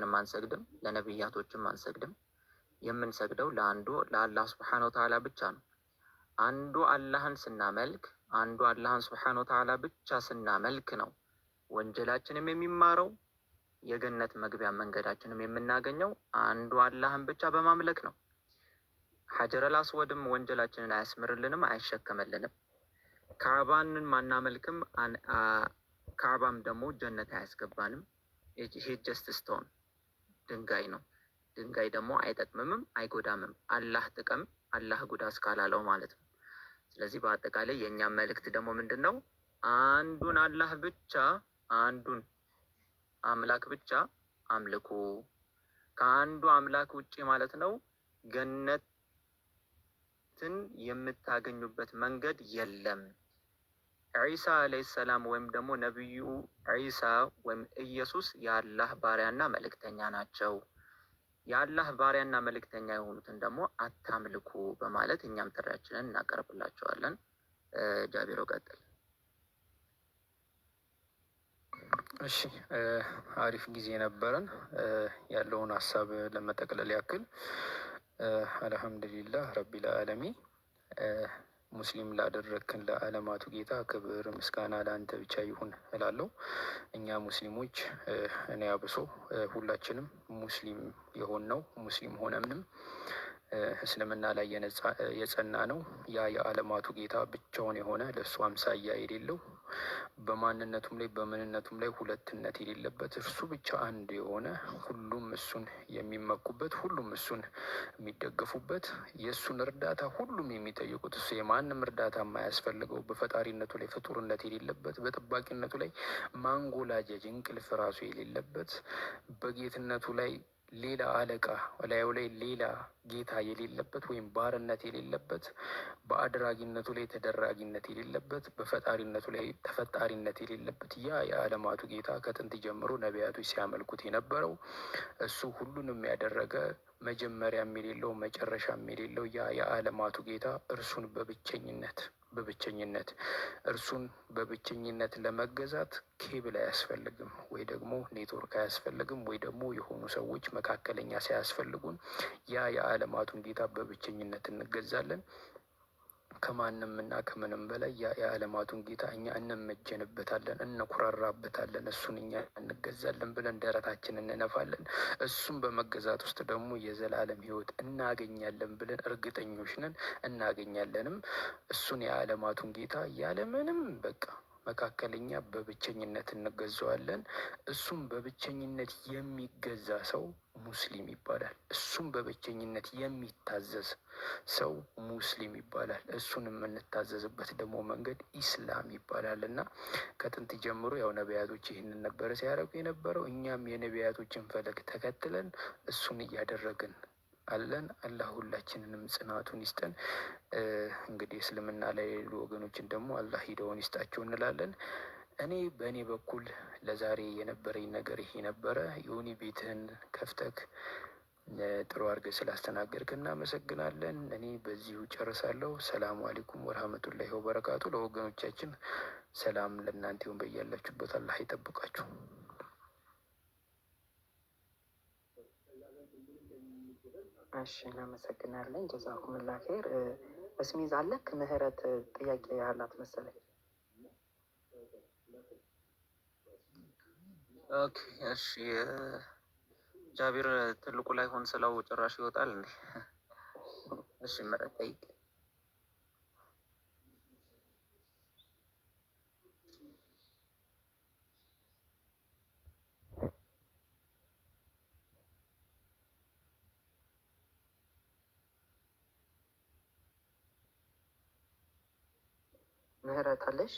ንም አንሰግድም፣ ለነቢያቶችም አንሰግድም። የምንሰግደው ለአንዱ ለአላህ ስብሓን ወተዓላ ብቻ ነው። አንዱ አላህን ስናመልክ አንዱ አላህን ስብሓን ወተዓላ ብቻ ስናመልክ ነው ወንጀላችንም የሚማረው የገነት መግቢያ መንገዳችንም የምናገኘው አንዱ አላህን ብቻ በማምለክ ነው። ሐጀረል አስወድም ወንጀላችንን አያስምርልንም፣ አያሸከመልንም። ካዕባንን ማናመልክም፣ ካዕባም ደግሞ ጀነት አያስገባንም። ይህ ጀስት ስቶን ድንጋይ ነው። ድንጋይ ደግሞ አይጠቅምምም አይጎዳምም። አላህ ጥቅም አላህ ጉዳ እስካላለው ማለት ነው። ስለዚህ በአጠቃላይ የእኛ መልእክት ደግሞ ምንድን ነው? አንዱን አላህ ብቻ አንዱን አምላክ ብቻ አምልኩ። ከአንዱ አምላክ ውጭ ማለት ነው ገነትን የምታገኙበት መንገድ የለም። ዒሳ አለይሂ ሰላም ወይም ደግሞ ነቢዩ ዒሳ ወይም ኢየሱስ የአላህ ባሪያና መልእክተኛ ናቸው። የአላህ ባሪያና መልእክተኛ የሆኑትን ደግሞ አታምልኩ በማለት እኛም ጥሪያችንን እናቀርብላቸዋለን። ጃቢሮ ቀጥል። እሺ፣ አሪፍ ጊዜ ነበረን። ያለውን ሀሳብ ለመጠቅለል ያክል አልሐምዱሊላህ ረቢል አለሚን ሙስሊም ላደረግክን ለዓለማቱ ጌታ ክብር ምስጋና ለአንተ ብቻ ይሁን እላለሁ። እኛ ሙስሊሞች እኔ አብሶ ሁላችንም ሙስሊም የሆን ነው ሙስሊም ሆነምንም እስልምና ላይ የጸና ነው ያ የዓለማቱ ጌታ ብቻውን የሆነ ለእሱ አምሳያ የሌለው በማንነቱም ላይ በምንነቱም ላይ ሁለትነት የሌለበት እርሱ ብቻ አንድ የሆነ ሁሉም እሱን የሚመኩበት ሁሉም እሱን የሚደገፉበት የእሱን እርዳታ ሁሉም የሚጠይቁት እሱ የማንም እርዳታ የማያስፈልገው በፈጣሪነቱ ላይ ፍጡርነት የሌለበት በጠባቂነቱ ላይ ማንጎላጀጅ እንቅልፍ ራሱ የሌለበት በጌትነቱ ላይ ሌላ አለቃ እላዩ ላይ ሌላ ጌታ የሌለበት ወይም ባርነት የሌለበት በአድራጊነቱ ላይ ተደራጊነት የሌለበት በፈጣሪነቱ ላይ ተፈጣሪነት የሌለበት ያ የዓለማቱ ጌታ ከጥንት ጀምሮ ነቢያቶች ሲያመልኩት የነበረው እሱ ሁሉንም ያደረገ መጀመሪያም የሌለው መጨረሻም የሌለው ያ የዓለማቱ ጌታ እርሱን በብቸኝነት በብቸኝነት እርሱን በብቸኝነት ለመገዛት ኬብል አያስፈልግም ወይ ደግሞ ኔትወርክ አያስፈልግም ወይ ደግሞ የሆኑ ሰዎች መካከለኛ ሳያስፈልጉን ያ የዓለማቱን ጌታ በብቸኝነት እንገዛለን። ከማንም እና ከምንም በላይ የዓለማቱን ጌታ እኛ እንመጀንበታለን፣ እንኩራራበታለን፣ እሱን እኛ እንገዛለን ብለን ደረታችን እንነፋለን። እሱን በመገዛት ውስጥ ደግሞ የዘላለም ህይወት እናገኛለን ብለን እርግጠኞች ነን፣ እናገኛለንም። እሱን የዓለማቱን ጌታ ያለምንም በቃ መካከል እኛ በብቸኝነት እንገዛዋለን። እሱም በብቸኝነት የሚገዛ ሰው ሙስሊም ይባላል። እሱም በብቸኝነት የሚታዘዝ ሰው ሙስሊም ይባላል። እሱን የምንታዘዝበት ደግሞ መንገድ ኢስላም ይባላል እና ከጥንት ጀምሮ ያው ነቢያቶች ይህንን ነበረ ሲያደርጉ የነበረው። እኛም የነቢያቶችን ፈለግ ተከትለን እሱን እያደረግን አለን። አላህ ሁላችንንም ጽናቱን ይስጠን። እንግዲህ እስልምና ላይ የሌሉ ወገኖችን ደግሞ አላህ ሂደውን ይስጣቸው እንላለን። እኔ በእኔ በኩል ለዛሬ የነበረኝ ነገር ይሄ ነበረ። የሆኒ ቤትህን ከፍተክ ጥሩ አድርገህ ስላስተናገድክ እናመሰግናለን። እኔ በዚሁ ጨርሳለሁ። ሰላሙ አሌይኩም ወረህመቱላሂ ወበረካቱ። ለወገኖቻችን ሰላም ለእናንተ ይሁን። በያላችሁበት አላህ ይጠብቃችሁ። እሺ እናመሰግናለን። ጀዛኩምላ ኸይር። እስሚዝ ዛለክ ምህረት ጥያቄ ያላት መሰለኝ። ኦኬ እሺ። ጃቢር ትልቁ ላይ ሆን ስለው ጭራሽ ይወጣል እንዴ? እሺ ምህረት ጠይቅ። ምህረት አለሽ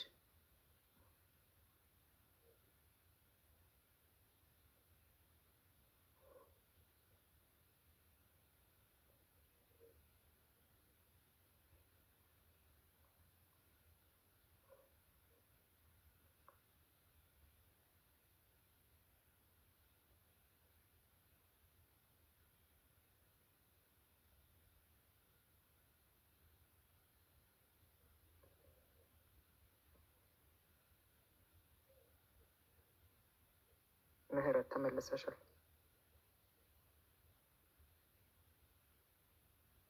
ምህረት ተመለሰሻል።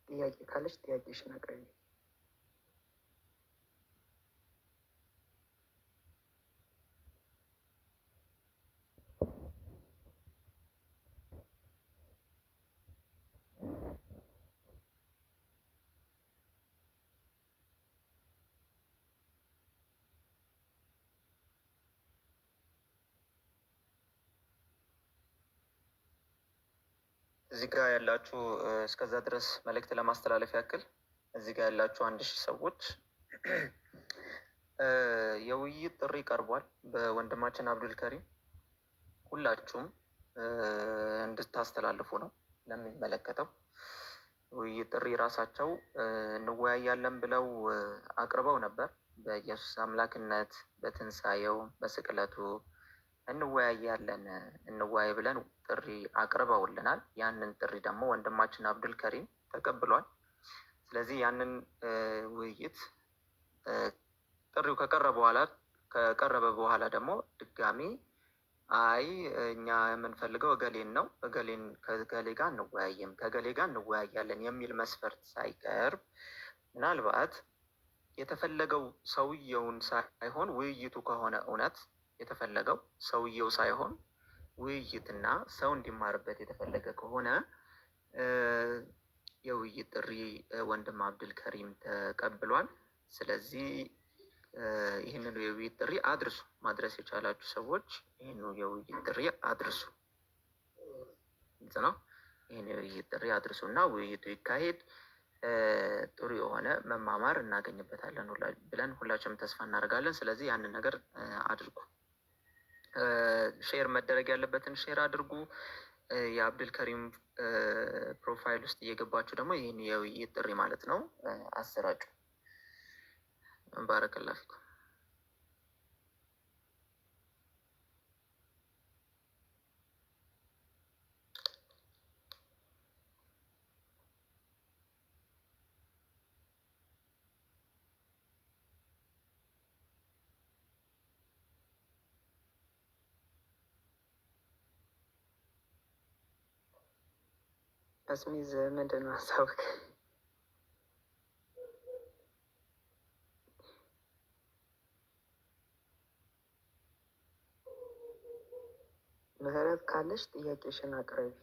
ጥያቄ ካለሽ ጥያቄሽን አቅርቢ። እዚህ ጋር ያላችሁ እስከዛ ድረስ መልእክት ለማስተላለፍ ያክል እዚህ ጋር ያላችሁ አንድ ሺህ ሰዎች የውይይት ጥሪ ቀርቧል በወንድማችን አብዱል ከሪም ሁላችሁም እንድታስተላልፉ ነው ለሚመለከተው ውይይት ጥሪ ራሳቸው እንወያያለን ብለው አቅርበው ነበር። በኢየሱስ አምላክነት፣ በትንሣኤው፣ በስቅለቱ እንወያያለን እንወያይ ብለን ጥሪ አቅርበውልናል። ያንን ጥሪ ደግሞ ወንድማችን አብዱል ከሪም ተቀብሏል። ስለዚህ ያንን ውይይት ጥሪው ከቀረበ በኋላ ከቀረበ በኋላ ደግሞ ድጋሚ አይ እኛ የምንፈልገው እገሌን ነው እገሌን ከገሌ ጋር እንወያይም ከገሌ ጋር እንወያያለን የሚል መስፈርት ሳይቀርብ ምናልባት የተፈለገው ሰውየውን ሳይሆን ውይይቱ ከሆነ እውነት የተፈለገው ሰውየው ሳይሆን ውይይትና ሰው እንዲማርበት የተፈለገ ከሆነ የውይይት ጥሪ ወንድም አብድል ከሪም ተቀብሏል። ስለዚህ ይህንን የውይይት ጥሪ አድርሱ። ማድረስ የቻላችሁ ሰዎች ይህኑ የውይይት ጥሪ አድርሱ። ግልጽ ነው። ይህን የውይይት ጥሪ አድርሱ እና ውይይቱ ይካሄድ። ጥሩ የሆነ መማማር እናገኝበታለን ብለን ሁላችንም ተስፋ እናደርጋለን። ስለዚህ ያንን ነገር አድርጉ። ሼር መደረግ ያለበትን ሼር አድርጉ። ከሪም ፕሮፋይል ውስጥ እየገባችሁ ደግሞ ይህን የውይይት ጥሪ ማለት ነው አሰራጩ። ባረከላፊኩም አስሚዝ ምንድን ነው ሀሳብክ? ምህረት ካለሽ ጥያቄሽን አቅርቢ።